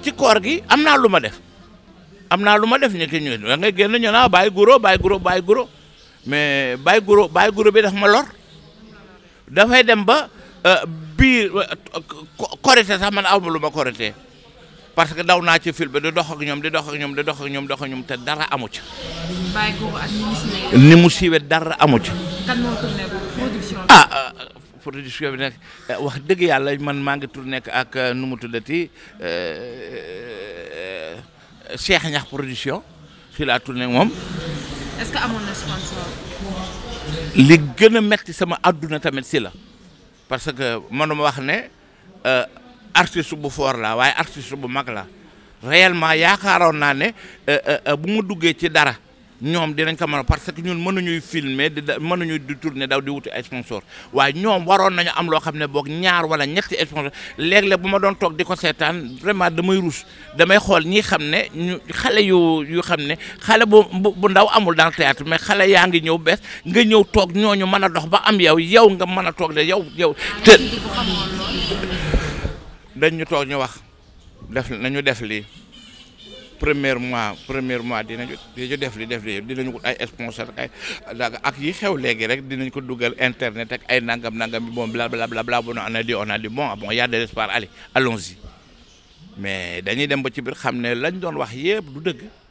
ci koor gi am naa lu ma def am naa lu ma def ñetti ñu da ngay génn ñu naa bàyyi guro bàyyi guro bàyyi guro mais bàyyi guro bàyyi guro bi daf ma lor dafay dem ba biir korite sax man awma lu ma korite parce que daw naa ci fil bi di dox ak ñoom di dox ak ñoom di dox ak ñoom dox ak ñoom te dara amu ci. ni mu siiwee dara amu ci. bi. ah euh, production euh, wax dëgg yàlla man maa ngi tourné ak euh, nu mu tuddati Cheikh Ñax production fii laa tourné moom. li gën a metti sama àdduna tamit si la parce que mënuma wax ne. artiste bu foor laa waaye artiste bu mag la réellement yaakaaroon naa ne euh, euh, euh, bu mu duggee ci dara ñoom dinañ ko mën a parce que ñun mënuñuy filmer di mënuñuy di tourner daw di wuti ay sponsor waaye ñoom waroon nañu am loo xam ne boog ñaar wala ñetti sponsor léeg-léeg bu ma doon toog di ko seetaan vraiment damay ruus damay xool ñi xam ne ñu xale yu yu xam ne xale bu bu ndaw amul dans théâtre mais xale yaa ngi ñëw bees nga ñëw toog ñooñu mën a dox ba am yow yow nga mën a toog de yow yow te dañ ñu toog ñu wax def nañu def lii premier mois premier mois dinañu dinañu def li def li dinañu ko ay sponsor ay dag ak yi xew legi rek dinañ ko duggal internet ak ay nangam nangam bi bon bla bla bla bla bon on a dit on a dit bon bon ya de l'espoir allez allons-y mais dañuy dem ba ci bir xamne lañ doon wax yépp du deug